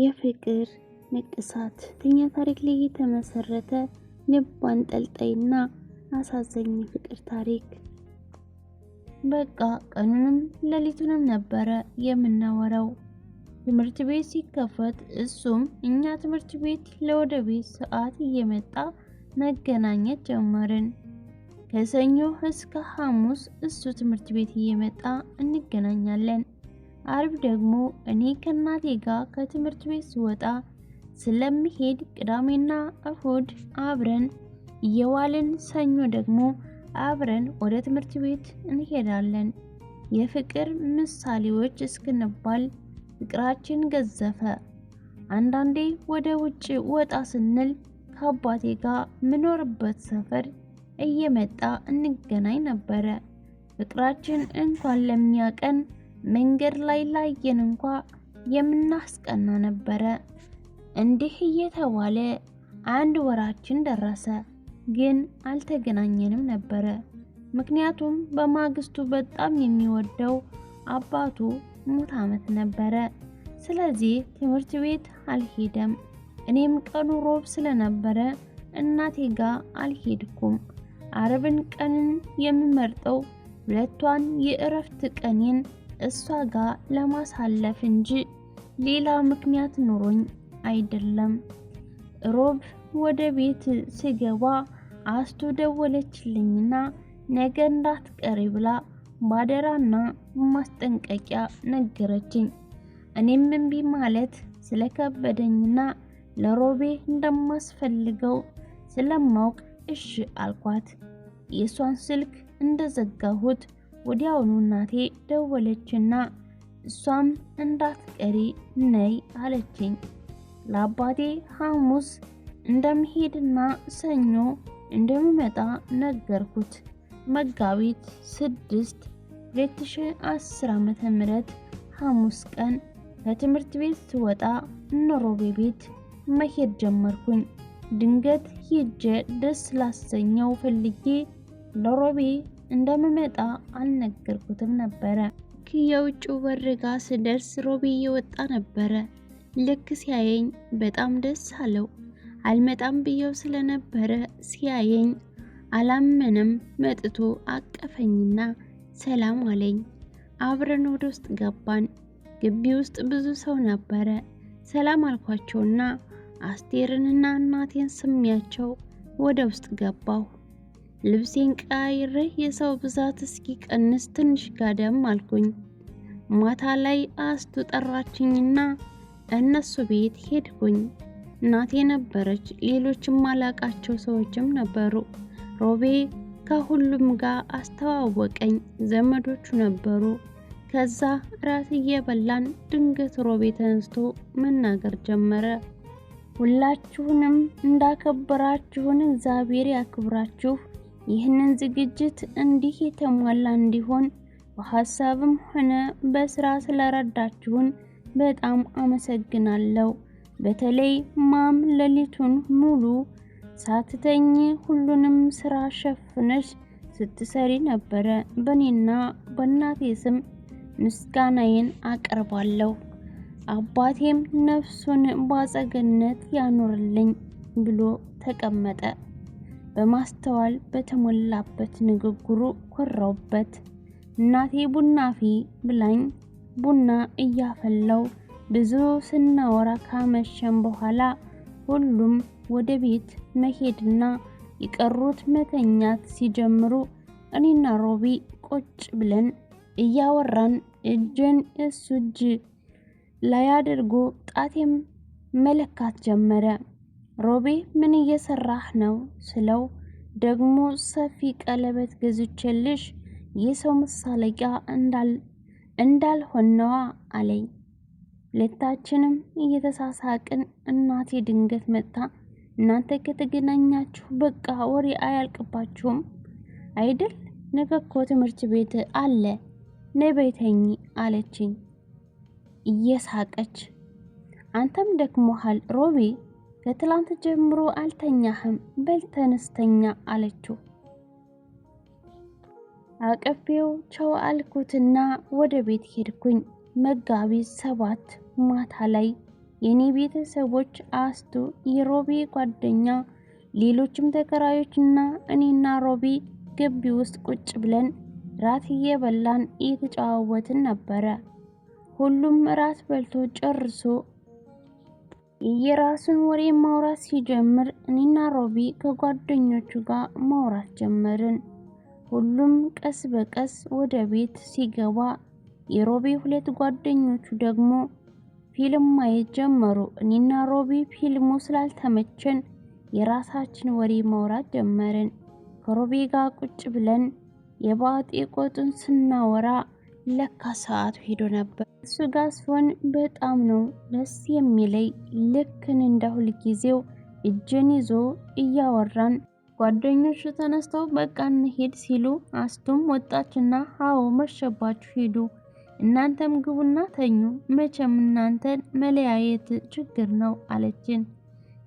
የፍቅር ንቅሳት ተኛ ታሪክ ላይ የተመሰረተ ልብ አንጠልጣይና አሳዘኝ ፍቅር ታሪክ። በቃ ቀኑንም ሌሊቱንም ነበረ የምናወራው። ትምህርት ቤት ሲከፈት እሱም እኛ ትምህርት ቤት ለወደ ቤት ሰዓት እየመጣ መገናኘት ጀመርን። ከሰኞ እስከ ሐሙስ እሱ ትምህርት ቤት እየመጣ እንገናኛለን። አርብ ደግሞ እኔ ከእናቴ ጋር ከትምህርት ቤት ስወጣ ስለምሄድ ቅዳሜና እሁድ አብረን እየዋልን ሰኞ ደግሞ አብረን ወደ ትምህርት ቤት እንሄዳለን። የፍቅር ምሳሌዎች እስክንባል ፍቅራችን ገዘፈ። አንዳንዴ ወደ ውጭ ወጣ ስንል ከአባቴ ጋር ምኖርበት ሰፈር እየመጣ እንገናኝ ነበረ። ፍቅራችን እንኳን ለሚያቀን መንገድ ላይ ላየን እንኳ የምናስቀና ነበረ። እንዲህ እየተባለ አንድ ወራችን ደረሰ፣ ግን አልተገናኘንም ነበረ። ምክንያቱም በማግስቱ በጣም የሚወደው አባቱ ሙት ዓመት ነበረ። ስለዚህ ትምህርት ቤት አልሄደም። እኔም ቀኑ ሮብ ስለነበረ እናቴ ጋር አልሄድኩም። አረብን ቀንን የምመርጠው ሁለቷን የእረፍት ቀኔን እሷ ጋር ለማሳለፍ እንጂ ሌላ ምክንያት ኑሮኝ አይደለም። ሮብ ወደ ቤት ስገባ አስቱ ደወለችልኝና ነገ እንዳትቀሪ ብላ ባደራና ማስጠንቀቂያ ነገረችኝ። እኔም እምቢ ማለት ስለከበደኝና ለሮቤ እንደማስፈልገው ስለማውቅ እሺ አልኳት። የእሷን ስልክ እንደዘጋሁት ወዲያውኑ እናቴ ደወለችና እሷም እንዳትቀሪ ነይ አለችኝ። ለአባቴ ሐሙስ እንደምሄድና ሰኞ እንደምመጣ ነገርኩት። መጋቢት ስድስት 2010 ዓመተ ምህረት ሐሙስ ቀን ከትምህርት ቤት ስወጣ ኖሮቤ ቤት መሄድ ጀመርኩኝ። ድንገት ሂጄ ደስ ላሰኘው ፈልጌ ለሮቤ እንደምመጣ አልነገርኩትም ነበረ። የውጭ በር ጋ ስደርስ ሮቢ እየወጣ ነበረ። ልክ ሲያየኝ በጣም ደስ አለው። አልመጣም ብየው ስለነበረ ሲያየኝ አላመነም። መጥቶ አቀፈኝና ሰላም አለኝ። አብረን ወደ ውስጥ ገባን። ግቢ ውስጥ ብዙ ሰው ነበረ። ሰላም አልኳቸውና አስቴርንና እናቴን ስሚያቸው ወደ ውስጥ ገባሁ። ልብሴን ቀያይሬ የሰው ብዛት እስኪቀንስ ትንሽ ጋደም አልኩኝ። ማታ ላይ አስቱ ጠራችኝና እነሱ ቤት ሄድኩኝ። እናቴ ነበረች፣ ሌሎችም አላቃቸው ሰዎችም ነበሩ። ሮቤ ከሁሉም ጋር አስተዋወቀኝ። ዘመዶቹ ነበሩ። ከዛ እራት እየበላን ድንገት ሮቤ ተነስቶ መናገር ጀመረ። ሁላችሁንም እንዳከበራችሁን እግዚአብሔር ያክብራችሁ ይህንን ዝግጅት እንዲህ የተሟላ እንዲሆን በሀሳብም ሆነ በስራ ስለረዳችሁን በጣም አመሰግናለሁ። በተለይ ማም ሌሊቱን ሙሉ ሳትተኝ ሁሉንም ስራ ሸፍነሽ ስትሰሪ ነበረ። በእኔና በእናቴ ስም ምስጋናዬን አቀርባለሁ። አባቴም ነፍሱን በአጸገነት ያኖርልኝ ብሎ ተቀመጠ። በማስተዋል በተሞላበት ንግግሩ ኮራውበት። እናቴ ቡና ፊ ብላኝ ቡና እያፈላው ብዙ ስናወራ ካመሸም በኋላ ሁሉም ወደ ቤት መሄድና የቀሩት መተኛት ሲጀምሩ እኔና ሮቢ ቁጭ ብለን እያወራን እጄን እሱ እጅ ላይ አድርጎ ጣቴም መለካት ጀመረ። ሮቤ ምን እየሰራህ ነው ስለው ደግሞ ሰፊ ቀለበት ገዝቼልሽ የሰው መሳለቂያ እንዳልሆነዋ አለኝ። ሁለታችንም እየተሳሳቅን እናቴ ድንገት መጣ። እናንተ ከተገናኛችሁ በቃ ወሬ አያልቅባችሁም አይደል? ነገ እኮ ትምህርት ቤት አለ፣ ነይ በይ አለችኝ እየሳቀች። አንተም ደክሞሃል ሮቤ ከትላንት ጀምሮ አልተኛህም፣ በል ተነስተኛ አለችው። አቀፌው ቸው አልኩትና ወደ ቤት ሄድኩኝ። መጋቢት ሰባት ማታ ላይ የኔ ቤተሰቦች አስቱ፣ የሮቢ ጓደኛ፣ ሌሎችም ተከራዮች እና እኔና ሮቢ ግቢ ውስጥ ቁጭ ብለን ራት እየበላን እየተጨዋወትን ነበረ። ሁሉም ራት በልቶ ጨርሶ የራሱን ወሬ ማውራት ሲጀምር እኔና ሮቢ ከጓደኞቹ ጋር ማውራት ጀመርን። ሁሉም ቀስ በቀስ ወደ ቤት ሲገባ የሮቢ ሁለት ጓደኞቹ ደግሞ ፊልም ማየት ጀመሩ። እኔና ሮቢ ፊልሙ ስላልተመቸን የራሳችን ወሬ ማውራት ጀመርን። ከሮቢ ጋር ቁጭ ብለን የባጤ ቆጡን ስናወራ ለካ ሰዓቱ ሄዶ ነበር። እሱ ጋር ሲሆን በጣም ነው ደስ የሚለይ። ልክን እንደ ሁልጊዜው እጅን ይዞ እያወራን ጓደኞቹ ተነስተው በቃ እንሄድ ሲሉ አስቱም ወጣችና፣ አዎ መሸባችሁ ሄዱ፣ እናንተም ግቡና ተኙ፣ መቼም እናንተን መለያየት ችግር ነው አለችን።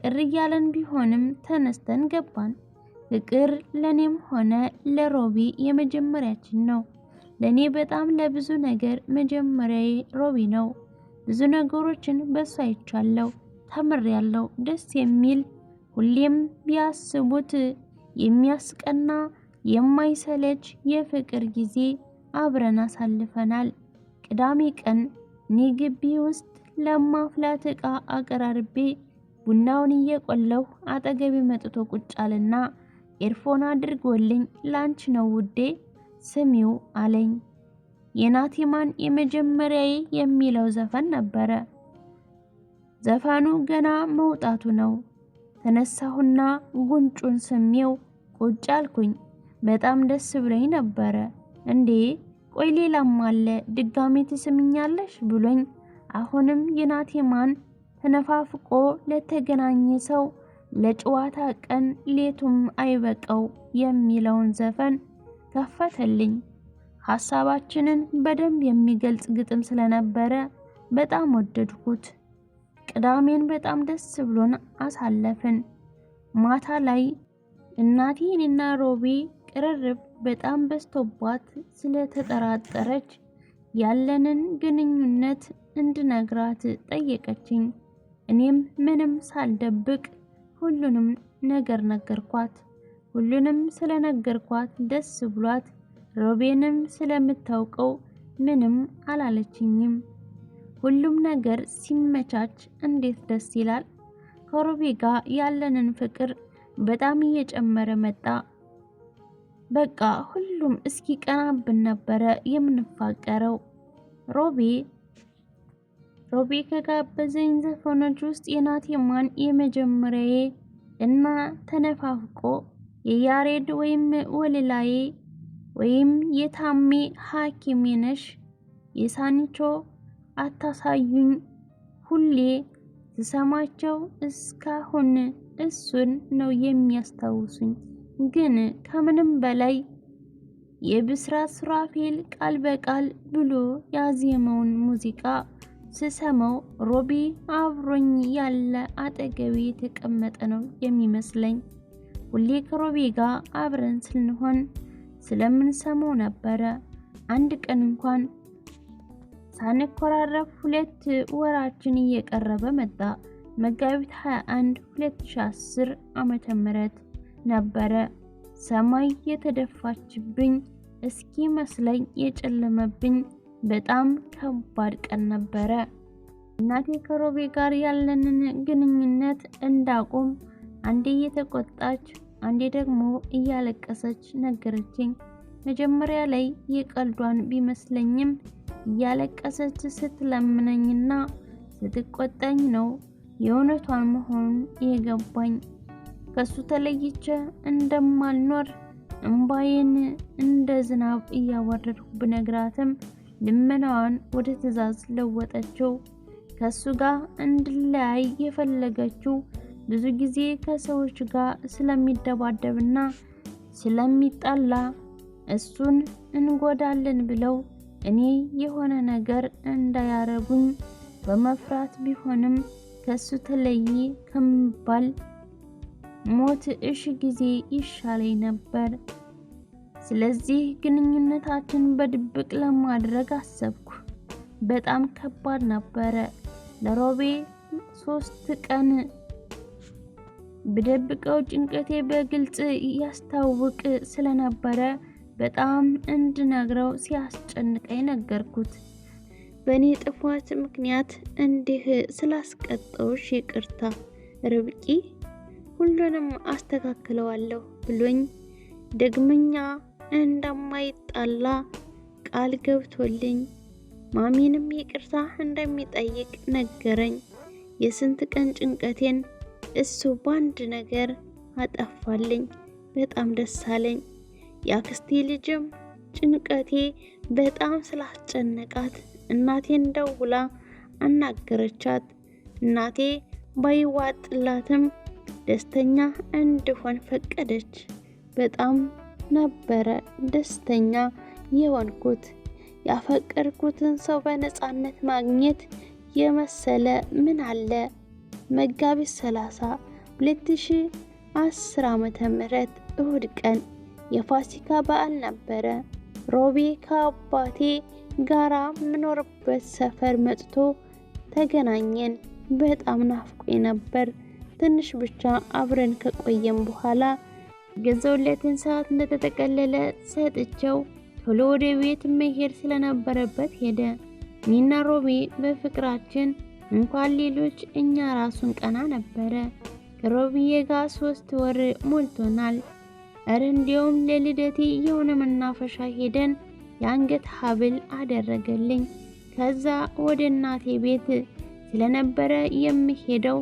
ቅር እያለን ቢሆንም ተነስተን ገባን። ፍቅር ለኔም ሆነ ለሮቢ የመጀመሪያችን ነው። ለእኔ በጣም ለብዙ ነገር መጀመሪያዬ ሮቢ ነው። ብዙ ነገሮችን በሱ አይቻለሁ፣ ተምሬያለሁ። ደስ የሚል ሁሌም ቢያስቡት የሚያስቀና የማይሰለች የፍቅር ጊዜ አብረን አሳልፈናል። ቅዳሜ ቀን እኔ ግቢ ውስጥ ለማፍላት ዕቃ አቀራርቤ ቡናውን እየቆለሁ አጠገቤ መጥቶ ቁጭ አለና ኤርፎን አድርጎልኝ ላንች ነው ውዴ ስሚው አለኝ። የናቲማን የመጀመሪያዬ የሚለው ዘፈን ነበረ። ዘፈኑ ገና መውጣቱ ነው። ተነሳሁና ጉንጩን ስሜው ቁጭ አልኩኝ። በጣም ደስ ብሎኝ ነበረ። እንዴ ቆይ ሌላም አለ ድጋሜ ትስምኛለሽ ብሎኝ አሁንም የናቴማን ተነፋፍቆ ለተገናኘ ሰው ለጨዋታ ቀን ሌቱም አይበቀው የሚለውን ዘፈን ከፈተልኝ። ሀሳባችንን በደንብ የሚገልጽ ግጥም ስለነበረ በጣም ወደድኩት። ቅዳሜን በጣም ደስ ብሎን አሳለፍን። ማታ ላይ እናቴ እኔና ሮቤ ቅርርብ በጣም በዝቶባት ስለተጠራጠረች ያለንን ግንኙነት እንድነግራት ጠየቀችኝ። እኔም ምንም ሳልደብቅ ሁሉንም ነገር ነገርኳት። ሁሉንም ስለነገርኳት ደስ ብሏት ሮቤንም ስለምታውቀው ምንም አላለችኝም። ሁሉም ነገር ሲመቻች እንዴት ደስ ይላል! ከሮቤ ጋር ያለንን ፍቅር በጣም እየጨመረ መጣ። በቃ ሁሉም እስኪ ቀናብን ነበረ የምንፋቀረው። ሮቤ ሮቤ ከጋበዘኝ ዘፈኖች ውስጥ የናቴማን የመጀመሪያዬ እና ተነፋፍቆ የያሬድ ወይም ወልላዬ ወይም የታሜ ሐኪሜ ነሽ የሳንቾ አታሳዩኝ ሁሌ ስሰማቸው እስካሁን እሱን ነው የሚያስታውሱኝ። ግን ከምንም በላይ የብስራ ሱራፌል ቃል በቃል ብሎ ያዜመውን ሙዚቃ ስሰማው ሮቢ አብሮኝ ያለ አጠገቤ የተቀመጠ ነው የሚመስለኝ። ሁሌ ከሮቤ ጋር አብረን ስንሆን ስለምንሰማው ነበረ። አንድ ቀን እንኳን ሳንኮራረፍ ሁለት ወራችን እየቀረበ መጣ። መጋቢት 21 2010 ዓመተ ምህረት ነበረ። ሰማይ የተደፋችብኝ እስኪ መስለኝ የጨለመብኝ በጣም ከባድ ቀን ነበረ። እናቴ ከሮቤ ጋር ያለንን ግንኙነት እንዳቆም አንዴ እየተቆጣች አንዴ ደግሞ እያለቀሰች ነገረችኝ። መጀመሪያ ላይ የቀልዷን ቢመስለኝም እያለቀሰች ስትለምነኝና ስትቆጠኝ ነው የእውነቷን መሆኑን የገባኝ። ከሱ ተለይቼ እንደማልኖር እምባዬን እንደ ዝናብ እያወረድኩ ብነግራትም ልመናዋን ወደ ትዕዛዝ ለወጠችው። ከሱ ጋር እንድለያይ የፈለገችው ብዙ ጊዜ ከሰዎች ጋር ስለሚደባደብና ስለሚጣላ እሱን እንጎዳለን ብለው እኔ የሆነ ነገር እንዳያረጉኝ በመፍራት ቢሆንም ከሱ ተለይ ከምባል ሞት እሺ ጊዜ ይሻለኝ ነበር። ስለዚህ ግንኙነታችን በድብቅ ለማድረግ አሰብኩ። በጣም ከባድ ነበረ። ለሮቤ ሶስት ቀን ብደብቀው ጭንቀቴ በግልጽ ያስታውቅ ስለነበረ በጣም እንድነግረው ሲያስጨንቀኝ ነገርኩት። በእኔ ጥፋት ምክንያት እንዲህ ስላስቀጠውሽ ይቅርታ ርብቂ፣ ሁሉንም አስተካክለዋለሁ ብሎኝ ደግመኛ እንደማይጣላ ቃል ገብቶልኝ ማሚንም ይቅርታ እንደሚጠይቅ ነገረኝ። የስንት ቀን ጭንቀቴን እሱ በአንድ ነገር አጠፋልኝ። በጣም ደስ አለኝ። የአክስቴ ልጅም ጭንቀቴ በጣም ስላስጨነቃት እናቴን ደውላ አናገረቻት። እናቴ ባይዋጥላትም ደስተኛ እንድሆን ፈቀደች። በጣም ነበረ ደስተኛ የሆንኩት። ያፈቀርኩትን ሰው በነፃነት ማግኘት የመሰለ ምን አለ? መጋቢት 30 2010 ዓ ም እሁድ ቀን የፋሲካ በዓል ነበረ። ሮቤ ከአባቴ ጋራ ምኖርበት ሰፈር መጥቶ ተገናኘን። በጣም ናፍቆ ነበር። ትንሽ ብቻ አብረን ከቆየም በኋላ ገዘውለትን ሰዓት እንደተጠቀለለ ሰጥቸው ቶሎ ወደ ቤት መሄድ ስለነበረበት ሄደ። እኔና ሮቤ በፍቅራችን እንኳን ሌሎች እኛ ራሱን ቀና ነበረ። ከሮብዬ ጋር ሶስት ወር ሞልቶናል። እረ እንዲያውም ለልደቴ የሆነ መናፈሻ ሄደን የአንገት ሀብል አደረገልኝ። ከዛ ወደ እናቴ ቤት ስለነበረ የምሄደው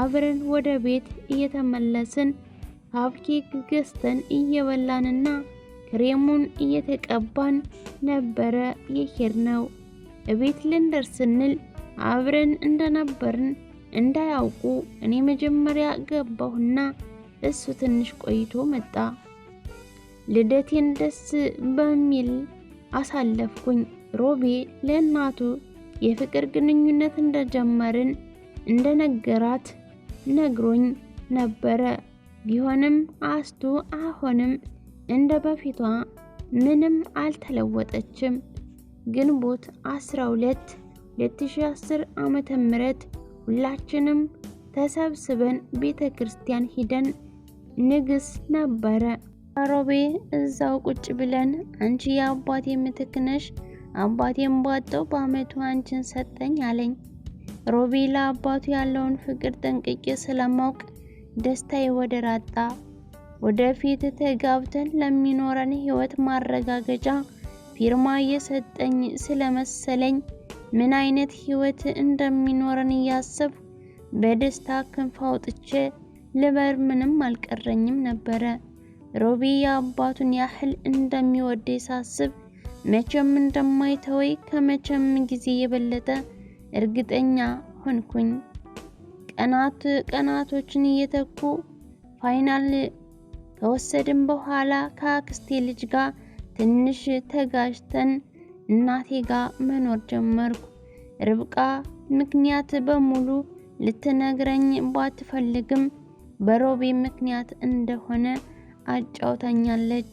አብረን ወደ ቤት እየተመለስን ፓፕኬክ ገዝተን እየበላንና ክሬሙን እየተቀባን ነበረ የሄድነው። እቤት ልንደርስ ስንል አብረን እንደነበርን እንዳያውቁ እኔ መጀመሪያ ገባሁና እሱ ትንሽ ቆይቶ መጣ። ልደቴን ደስ በሚል አሳለፍኩኝ። ሮቤ ለእናቱ የፍቅር ግንኙነት እንደጀመርን እንደነገራት ነግሮኝ ነበረ። ቢሆንም አስቱ አሁንም እንደ በፊቷ ምንም አልተለወጠችም። ግንቦት 12 የ2010 ዓመተ ምህረት ሁላችንም ተሰብስበን ቤተ ክርስቲያን ሂደን ንግስ ነበረ። አሮቤ እዛው ቁጭ ብለን አንቺ የአባት የምትክነሽ ነሽ፣ አባቴም ባጣው በአመቱ አንቺን ሰጠኝ አለኝ። ሮቤ ለአባቱ ያለውን ፍቅር ጠንቅቄ ስለማውቅ ደስታዬ ወደር አጣ። ወደፊት ተጋብተን ለሚኖረን ህይወት ማረጋገጫ ፊርማ እየሰጠኝ ስለመሰለኝ ምን አይነት ህይወት እንደሚኖረን እያሰብ በደስታ ክንፍ አውጥቼ ልበር ምንም አልቀረኝም ነበረ። ሮቢ የአባቱን ያህል እንደሚወደ ሳስብ መቼም እንደማይተወይ ከመቼም ጊዜ የበለጠ እርግጠኛ ሆንኩኝ። ቀናት ቀናቶችን እየተኩ ፋይናል ከወሰድን በኋላ ከአክስቴ ልጅ ጋር ትንሽ ተጋጅተን እናቴ ጋር መኖር ጀመርኩ። ርብቃ ምክንያት በሙሉ ልትነግረኝ ባትፈልግም በሮቤ ምክንያት እንደሆነ አጫውታኛለች።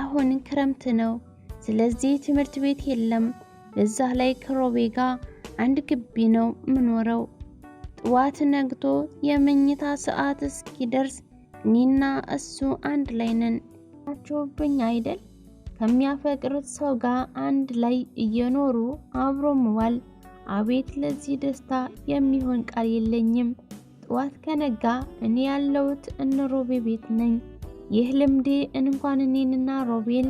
አሁን ክረምት ነው፣ ስለዚህ ትምህርት ቤት የለም። በዛ ላይ ከሮቤ ጋር አንድ ግቢ ነው ምኖረው። ጥዋት ነግቶ የመኝታ ሰዓት እስኪደርስ እኔና እሱ አንድ ላይ ነን። አቸውብኝ አይደል ከሚያፈቅሩት ሰው ጋር አንድ ላይ እየኖሩ አብሮ መዋል። አቤት ለዚህ ደስታ የሚሆን ቃል የለኝም። ጠዋት ከነጋ እኔ ያለሁት እነ ሮቤ ቤት ነኝ። ይህ ልምዴ እንኳን እኔንና ሮቤን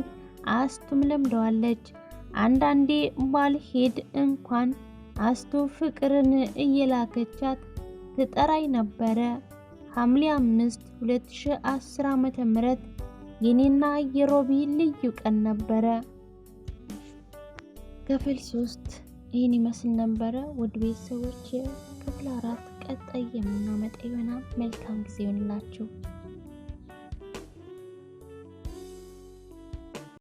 አስቱም ለምደዋለች። አንዳንዴ ባልሄድ እንኳን አስቱ ፍቅርን እየላከቻት ትጠራኝ ነበረ። ሐምሌ 5 2010 ዓ.ም የኔና የሮቢ ልዩ ቀን ነበረ። ክፍል ሶስት ይህን ይመስል ነበረ። ውድ ቤተሰቦች ክፍል አራት ቀጣይ የምናመጣ ይሆናል። መልካም ጊዜ ይሆንላችሁ።